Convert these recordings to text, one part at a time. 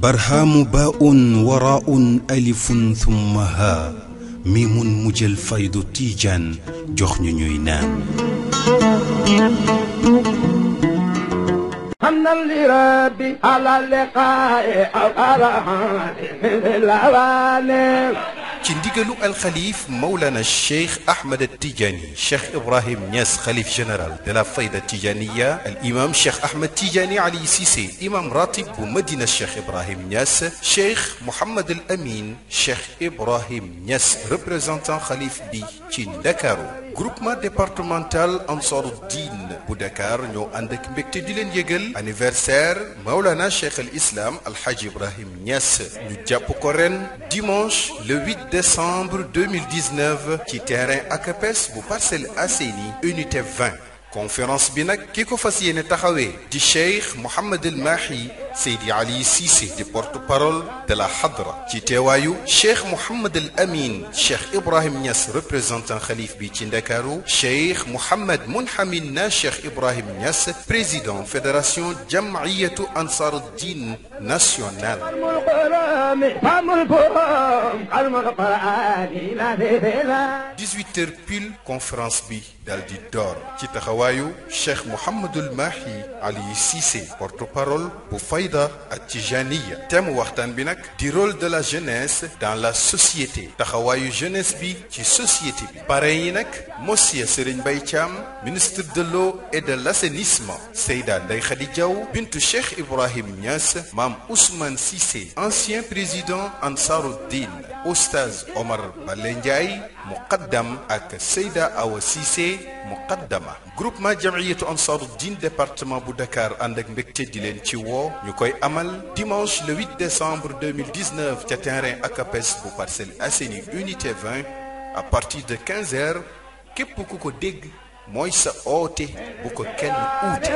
barhaamu baa'un waraa'un alifun thumma haa miimun mu jël faydu tiijaan jox ñu ñuy naan. alal liqaa'i aw alal تندقلو الخليف مولانا الشيخ أحمد التجاني شيخ إبراهيم نياس خليف جنرال دلا فايدة تجانية الإمام شيخ أحمد تجاني علي سيسي إمام راتب بمدينة الشيخ إبراهيم نياس شيخ محمد الأمين شيخ إبراهيم نياس ريبريزنتان خليف بي تندكارو groupement départemental Ansar Din bu Dakar ñu and ak mbekté di leen yëgal anniversaire Maulana Cheikh Al Islam Al Hajj Ibrahim décembre 2019 qui terrain ACAPES bu Parcelles Assainies unité 20 conférence bi nag ki ko fas à di Cheikh el Mahi Seydi Ali Cissé di porte-parole de la Hadra ci teewaayu Cheikh Mouhamed El Amin Cheikh Ibrahim Niass représentant xalif bi ci Ndakaaru Cheikh Mouhamed Mounhamid na Cheikh Ibrahim Niass président fédération Jam'iyatu Ansaruddin nationale dix-huit heures pile conférence bi dal di door ci taxawaayu Cheikh Mouhamadul Mahi Ali Cissé porte-parole bu fay Al-Qaïda At-Tijaniyya thème waxtaan bi du di rôle de la jeunesse dans la société taxawaayu jeunesse bi ci société bi parrain yi monsieur Serigne ministre de l'eau et de l'assainissement Seyda Ndeye Khady bintu Cheikh Ibrahim Niass Mam Ousmane Sise ancien président Ansaruddin Oustaz Omar Balenjai Ndiaye muqaddam ak Seyda Awa Cissé muqaddama groupement jamiyatu Ansaruddin département bu Dakar ànd ak mbégte di ci koy amal dimanche le 8 décembre 2019 ci terrain akapes bu parcelle Asseni unité 20 à partir de 15 h képp ku ko dégg mooy sa oote bu ko kenn uute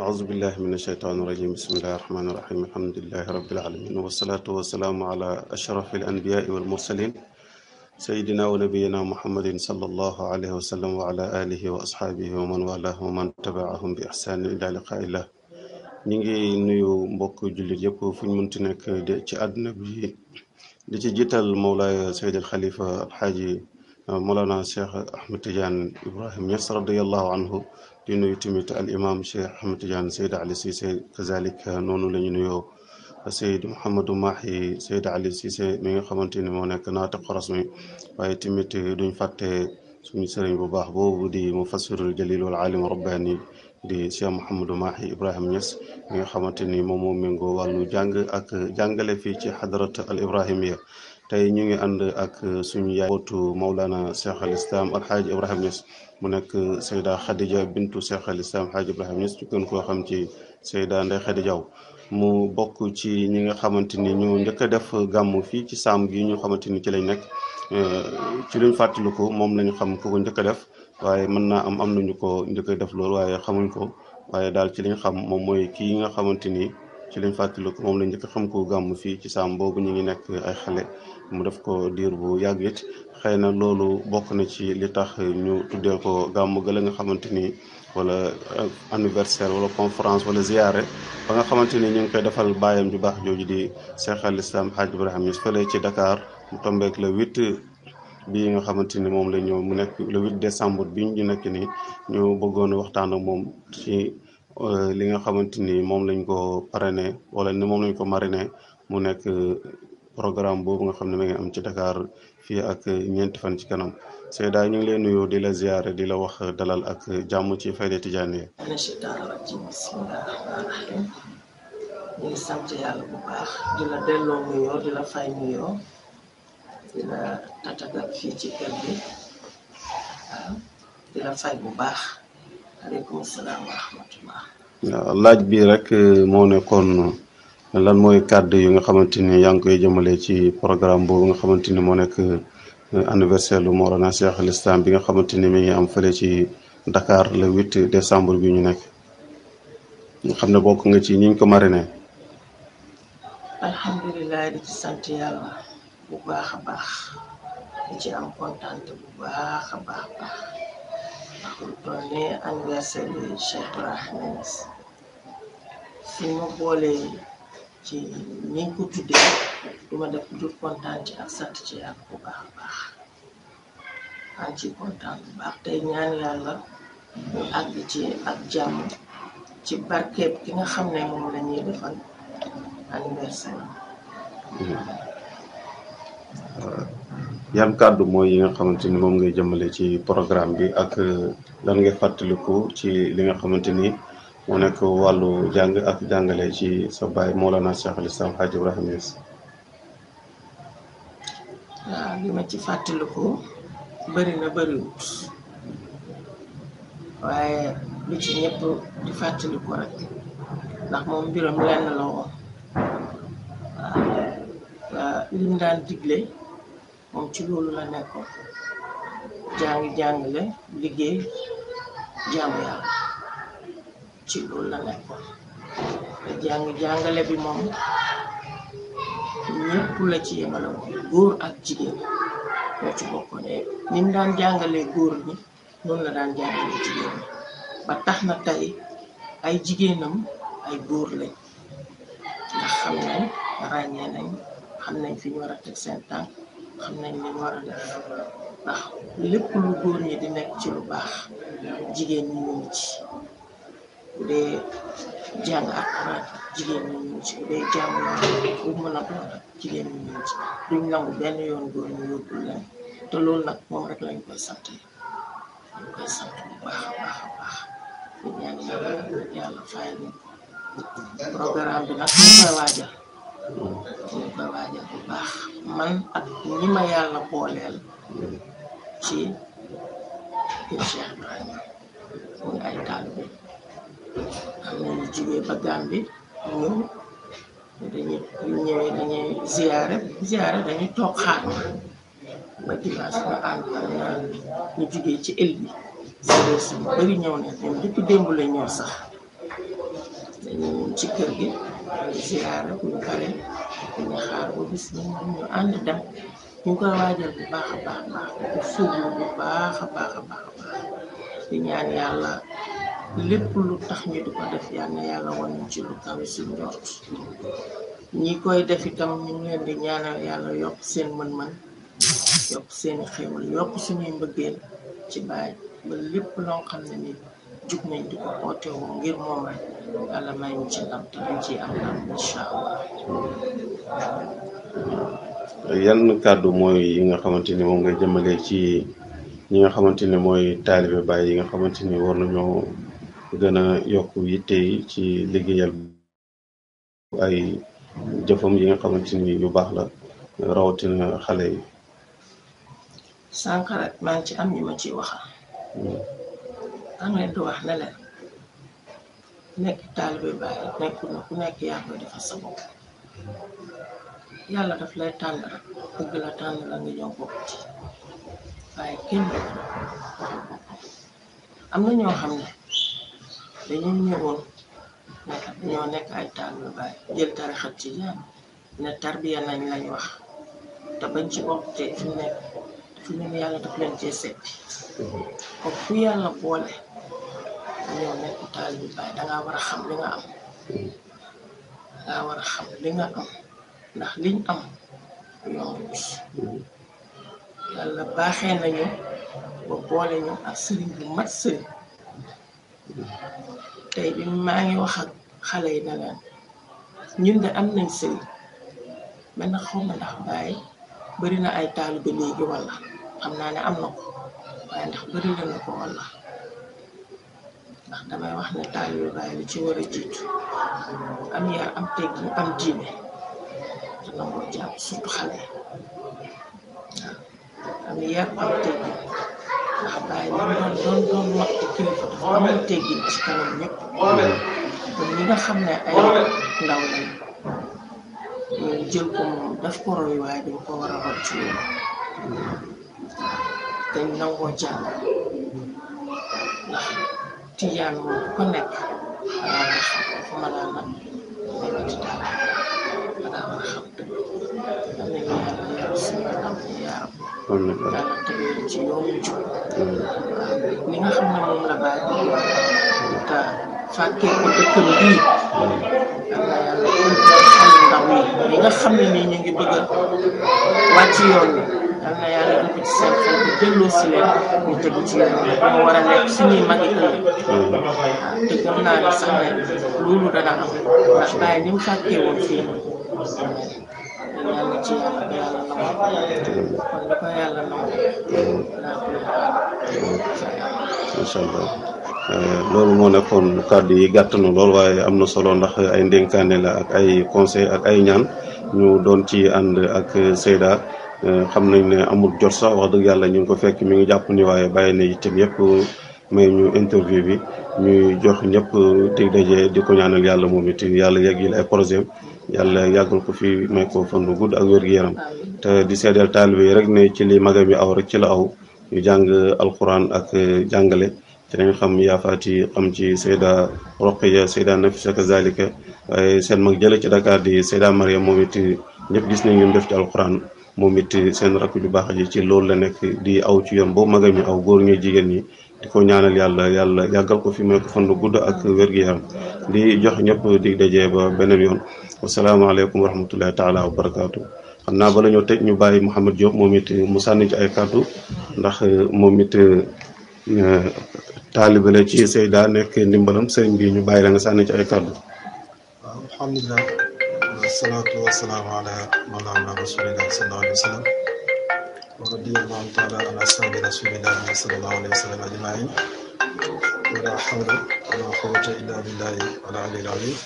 أعوذ بالله من الشيطان الرجيم بسم الله الرحمن الرحيم الحمد لله رب العالمين والصلاة والسلام على أشرف الأنبياء والمرسلين sayyidina wa nabiyina muhammadin sallallahu alayhi wa sallam wa ala alihi wa asxaabihi wa man walaahu wa man tabaahum bi ixsaanin ila liqaaillah ñu ngi nuyu mbokk jullit yëpp fu ñu mënti nekk ci àdduna bi di ci jiital Mawlaay Sayyid al Xalifa Alxaaji euh, Mawlana Cheikh Ahmed Tidiane Ibrahim Niass radiyallahu anhu di nuyu tamit al imam Cheikh Ahmed Tidiane Seyd Ali Cissé kazalik noonu la ñu nuyoo. Seyd Mouhamadou Mahi Seyd Ali Cissé mi nga xamante ni moo nekk naata xoros mi waaye tamit duñ fàtte suñu sëriñ bu baax boobu di mufassirul jalil wal alim rabbani di Cheikh Mouhamadou Mahi Ibrahim Niass mi nga xamante ni moom moo méngoo wàllu jàng ak jàngale fii ci xadarat al ibrahimiya tey ñu ngi ànd ak suñ yaay wootu Mawlana Cheikh al Islam Alhaaj Ibrahim Niass mu nekk Seyda Khadija bintu Cheikh al Islam Alhaaj Ibrahim Niass ñu gën koo xam ci Seyda Ndeye Khady Diaw mu bokk ci ñi nga xamante ni ñu njëkk a def gàmmu fii ci saam gi ñu xamante ni ci lañ nekk euh, ci luñ fàttaliku moom lañu xam ku ko a def waaye mën naa am am ñu ko njëkk a def loolu waaye xamuñ ko waaye daal ci liñ xam moom mooy kii nga xamante ni ci lañ fàttaliku moom lañ njëkk xam ko gàmmu fii ci saam boobu ñu ngi nekk ay xale. mu def ko diir bu yàgg it xëy na loolu bokk na ci li tax ñu tuddee ko gàmmu gële nga xamante ni wala euh, anniversaire wala confrance wala ziyaare ba nga xamante ni ñu ngi koy defal baayam ju baax jooju di Cheikh al Islam Hadj Ibrahim Niass fële ci Dakar mu tombeek le huit bi nga xamante ni moom la ñëw mu nekk le huit décembre bi ñu nekk ni ñu bëggoon waxtaan ak moom ci euh, li nga xamante ni moom lañ ko parrainé wala ni moom lañ ko mariné mu nekk programme boobu nga xam ne ma ngi am ci Dakar fii ak ñeenti fan ci kanam Seyda ñu ngi lay nuyoo di la ziyaare di la wax dalal ak jàmm ci Fayda Tijaaniya ñu ngi sant yàlla bu baax di la delloo nuyoo di fay nuyoo di la tatagal fii ci kër gi waaw fay bu baax aleykum salaam wa rahmatullah laaj bi rek moo nekkoon lan moy kàddu yu nga xamanteni yang koy jëmele ci programme bu nga xamanteni mo nek euh, anniversaire lu Mawlana Cheikh al Islam bi nga xamanteni mi ngi am fele ci Dakar le 8 décembre bi ñu nek nga xamne bokk nga ci ñiñ ko marine alhamdulilah di ci sant yalla bu baaxa baax di ci am contente bu baaxa baax ne anniversaire bi Cheikh rahman fi mu ci ñi tuddee duma def jur kontaan ci ak sant ci ak bu baax baax maa ci kontaan bu baax tey ñaan yàlla ñu àgg ci ak jàmm ci barkeeb ki nga xam ne moom la defal anniversaire euh, yan kàddu mooy yi nga xamante ni moom ngay jëmale ci programme bi ak euh, lan ngay fàttaliku ci li nga xamante ni mu nekk wàllu jàng ak jàngale ci sa baay Mawlana Cheikh al Islam Hadj Ibrahim Niass. waaw li ma ci fàttaliku bëri na bëriwut waaye lu ci ñëpp di fàttaliku rek ndax moom mbiram lenn la woon waaw li mu daan digle moom ci loolu la nekkoon jàngi jàngale liggéey jaamu yàlla. ci loolu la nekkoon jàng jàngale bi moom ñëpp la ci yemale woon góor ak jigéen ñoo ci bokkoon ni mu daan jàngale góor ñi noonu la daan jàngale jigéen ñi ba tax na tey ay jigéenam ay góor lañ ndax xam nañ ràññee nañ xam nañ fi ñu war a teg seen tànk xam nañ li ñu war lépp lu góor ñi di nekk ci lu baax jigéen ñi ñu ci de जंग अपना jigéen ñi su dee jàmm bu mën a baax jigéen ñi duñ nangu benn yoon góor ñu yóbbu leen te loolu nag moom rek lañ koy sant ñu koy sant bu baax a baax a baax di ñaan yàlla yàlla fayal ñu programme bi nag ñu koy waajal ñu koy waajal bu baax man ak ñi ma yàlla booleel ci Cheikh Ibrahima muy ay taalibe xam ne ñu jugee ba Gàmbi ñu ñëwee dañuy ziyaare ziyaare dañuy toog xaar ba dimanche ba ànd ak ñu jugee ci ël bi séeréer si bëri ñëw na ñoom depuis démb la ñëw sax dañuy ci kër gi ziyaare bu ñu paree dañuy xaar ba bis ñu ñu ànd dem ñu koy waajal bu baax baax baax baax a ñaan yàlla lépp lu tax ñu di ko def yal na yàlla wan ci lu kawe si njort ñi koy def itam ñu ngi leen yàlla yokk seen mën-mën yokk seeni xéwal yokk suñuy mbëggeel ci baay ba lépp loo xam ne ni jug nañ di ko ootewu ngir moom rek yàlla may ñu ci ndam te ñu ciy am ndam incha allah. yan kàddu mooy yi nga xamante ni moom nga jëmale ci ñi nga xamante ni mooy taalibe baay yi nga xamante ni war nañoo. gën a yokk yitte yi ci liggéeyal ay jëfam yi nga xamante yu baax la rawatina xale yi. sànq rek maa ci am ñu ma ciy waxa ci waaye am na ñoo xam ne. dañoo ñëwoon nekk dañoo nekk ay taalibe Baay jël tarixa ci jaam ne tarbiya nañ lañ wax te bañ ci bokk te fi mu nekk fi mu ne yàlla daf leen cee seppi mm-hmm. kon fu yàlla boole dañoo Baay dangaa war a xam li nga am dangaa war xam li nga am ndax liñ am yombut mm-hmm. yàlla baaxee nañu ba boole ñu ak sëriñ mat sëriñ tey maa ngi wax xale yi na leen ñun de am nañ sëy man nag xaw ma ndax bàyyi bëri na ay taalibe léegi walla xam naa ne am na ndax bëri na walla ndax damay wax ne taalibe bàyyi ci war a jiitu am yar am teg ñu am diine te nangoo jàpp surtout xale am yar am teg ndax doon doon doon wax ci kilifa dafa amoon nga xam ne ay ndaw lañ jël ko moom daf ko roy waaye dañ ko war a ci loolu dañ nangoo jàng tijaan moom ko nekk danaa nga xam dafa mën a nag xam dëgg am nañu yàlla yàlla kon nag ci yoonu jub li hmm. nga xam ne moom la bàyyi hmm. te fàttee ko dëkkam bii hmm. yàlla yàlla ndaw yi li nga xam ne nii ñu ngi bëgg a wàcc yoon bi yal na yàlla dugg ci seen xel bi delloo si leen ñu tegu ci yoon bi mu war a nekk suñuy mag yi ëllëg ah, te gëm naa ne sax ne loolu dana am ndax bàyyi ni mu fàttee woon fii yàlla euh, loolu moo nekkoon kàddu yi gàtt na lool waaye am na solo ndax ay ndénkaane la ak ay conseil ak ay ñaan ñu doon ci and ak Seyda euh, xam nañ ne amul jot sax wax dëgg yàlla ñu ngi ko fekk mi ngi jàpp ni waaye bàyyi na itam yëpp may ñu interview bi ñuy jox ñëpp euh, dig daje di ko ñaanal yàlla moom it yàlla yeggil ay projet yàlla yàggal ko fi may ko fan bu gudd ak wér-gu-yaram te di seedeel taalibe yi rek ne ci li magam yi aw rek ci la aw ñu jàng alquran ak eh, jàngale te lañ xam yaafaati xam ci sayda roqiya sayda nafisa kazalika waaye seen mag jële ci Dakar di sayda maria moom it ñëpp gis nañ ñu def ci alquran moom it seen rakk ju baax ji ci loolu la nekk di aw ci yoon boobu magam yi aw góor ñi jigéen ñi di ko yàlla yàlla yàggal ko fi may ko fan bu ak wér-gu-yaram di jox ñépp dig dajee ba beneen yoon wasalaamaaleykum wa rahmatullahi taala wa barakaatu. xam naa bala ñoo te ñu bàyyi Mouhamed Diop moom it mu sànni ci ay kàddu ndax uh, moom it uh, taalibe la ci Seyda nekk ndimbalam sëriñ bi ñu bàyyi la nga sànni ci ay kàddu. ورضي الله تعالى عن أصحاب رسول الله صلى الله عليه وسلم أجمعين ولا حول ولا قوة إلا بالله العلي العظيم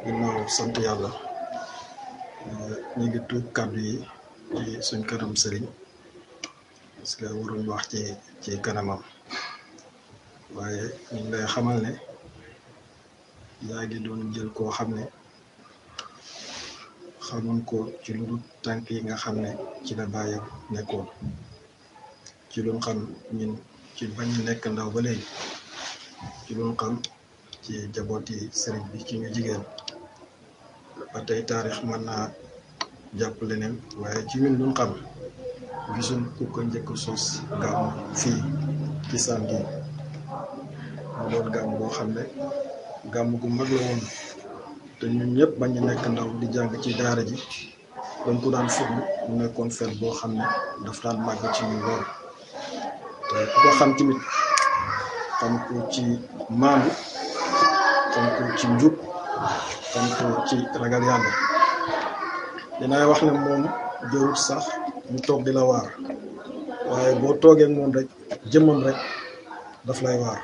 ginnaaw sant yàlla ñu ngi tuub kàddu yi ci suñ kanam sëriñ parce que waruñ wax ci kanamam waaye ñu ngi lay xamal ne yaa ngi doon jël koo xam ne xamuñ ko ci lu dul tànk yi nga xam ne ci la bàyyam nekkoon ci luñ xam ci bañ nekk ndaw ba léegi ci luñ xam ci jabooti sëriñ bi ci ñu jigéen ba tey taarix mën naa jàpp leneen waaye ci ñun luñ xam gisuñ ku ko njëkk sos gàmm fii ci sànni mu doon gàmm boo xam ne gàmm gu mag la woon te ñun ñëpp bañ a nekk ndaw di jàng ci daara ji dañ ko daan former mu nekkoon feet boo xam ne daf daan màgg ci ñun lool te ku ko xam tamit xam ko ci maandu xam ko ci njub xam ko ci ragal yàlla dinaay wax ne moom jowut sax mu toog di la waar waaye boo toogee moom rek jëmmam rek daf lay waar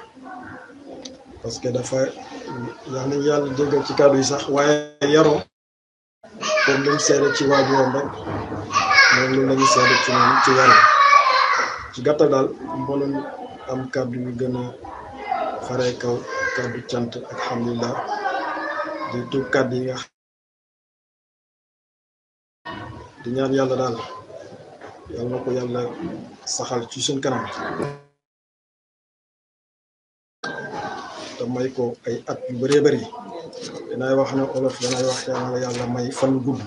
parce que yal nañu yàlla jéggal ci kàddu yi sax waaye yaroo moom lañ seede ci waajuram rek moom loolu lañu seede ci moom ci yaroo ci gàttal daal mënoon am kàddu yu gën fare kaw kàddu cant ak alhamdulilah di tuub kàddu yi nga di ñaan yàlla daal yal na ko yàlla saxal ci seen kanam may ko ay at yu bëree bëri dinaay wax ne olof danaay wax yàlla yàlla may fan gudd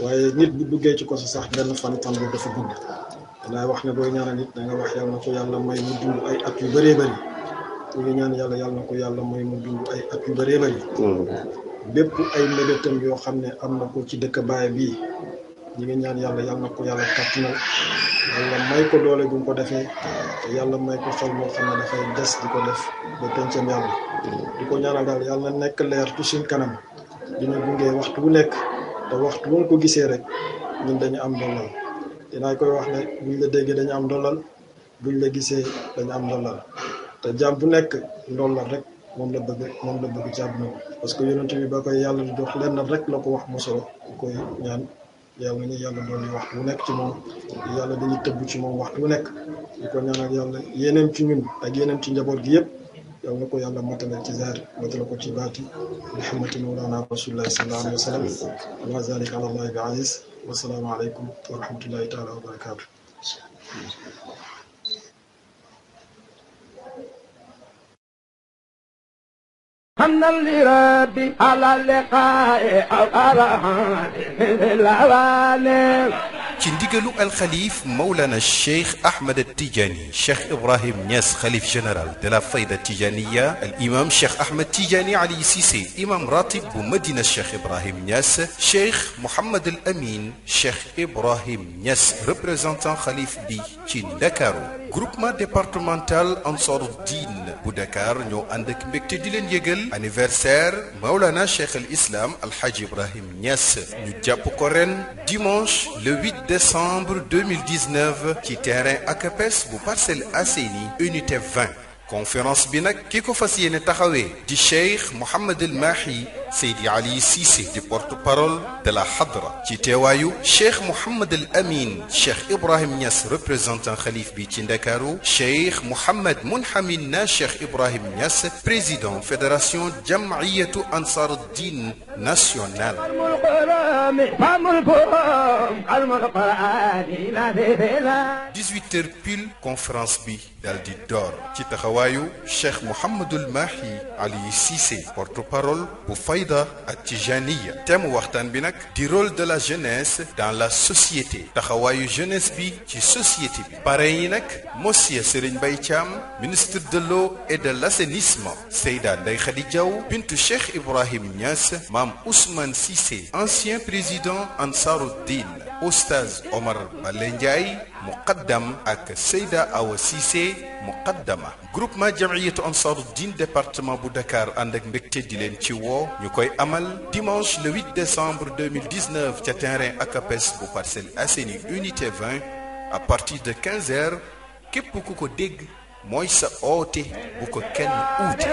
waaye nit bu duggee ci ko sa sax benn fan fan bu dafa gudd wax ne booy ñaanal nit da wax yàlla na ko yàlla may mu dund ay at yu bëree bëri bu ñu ñaan yàlla yàlla na ko yàlla may mu dund at yu bëree bëri mm-hmm. bépp ay mébétam yoo xam ne am na ko ci dëkk baay bii ñi ngi ñaan yàlla yàlla na ko yàlla kàttanal yàlla may ko doole bu mu ko defee te yàlla may ko xol moo xam ne dafay des di ko def ba pencam yàlla di ko ñaanal daal yàlla na nekk leer ci suñ kanam dina gunge waxtu bu nekk te waxtu bu ko gisee rek ñun dañu am dollal dinaa koy wax ne buñ la déggee dañu am dollal buñ la gisee dañu am dollal te jaam bu nekk ndollal rek moom la bëgg moom la bëgg ci àdduna parce que yonent bi ba koy yàlla di jox lenn rek la ko wax mosolo koy ñaan yàlla ni yàlla doon wax lu nekk ci moom yàlla dañuy tëbb ci moom wax lu nekk di ko ñaanal yàlla yeneen ci ñun ak yeneen ci njaboot gi yëpp yàlla na ko yàlla matalal ci zaar matal ko ci baati muhammadin mawlana rasulullah sallallahu alayhi wa sallam wa ma zalika ala allahi bi aziz wa salaamu aleykum wa rahmatullahi taala wa barakaatu أنا اللي ربي على لقائي أو على الخليف مولانا الشيخ أحمد التيجاني شيخ إبراهيم نياس خليف جنرال دلا فايدة التيجانية الإمام شيخ أحمد التيجاني علي سيسي إمام راتب بمدينة الشيخ إبراهيم نياس شيخ محمد الأمين شيخ إبراهيم نياس ريبريزنتان خليف دي تشين groupement départemental Ansaroudine bu Dakar ñoo ànd ak mbégte di leen yëgal anniversaire Maulana Cheikh al Islam Al Hadj Ibrahim Niass ñu jàpp ko ren dimanche le 8 décembre 2019 ci terrain ACAPES bu Parcelles Assainies unité 20 conférence bi nag ki ko fas yéene taxawee di Cheikh Mouhamed El Mahi Seydi Ali Cissé di porte-parole de la Hadra ci teewaayu Cheikh Mouhamad al Amin Cheikh Ibrahim Niass représentant xalif bi ci Ndakaaru Cheikh Mouhamad Mounhamin na Cheikh Ibrahim Niass président fédération Jam'iyatu Ansar ad-Din nationale dix-huit heures pile conférence bi dal di door ci taxawaayu Cheikh Mouhamadul Mahi Ali Cissé porte-parole bu al Atijani. thème waxtaan bi nag rôle de la jeunesse dans la société taxawaayu jeunesse bi ci société bi parrain monsieur Serigne Mbaye ministre de l'eau et de l'assainissement Seyda Ndeye Khadijaou, Diaw Cheikh Ibrahim Nias, Mme Ousmane Sissé, ancien président Ansaruddin oustaz Omar Bale Ndiaye muqaddam ak Seyda Awa Cissé muqaddama groupement jamiyatu ansaaru diin département bu Dakar ànd ak mbégte di leen ci woo ñu koy amal dimanche le 8 décembre 2019 ca terrain ACAPES bu Parcelles Assainies unité 20 à partir de 15 heures képp ku ko dégg mooy sa oote bu ko kenn uute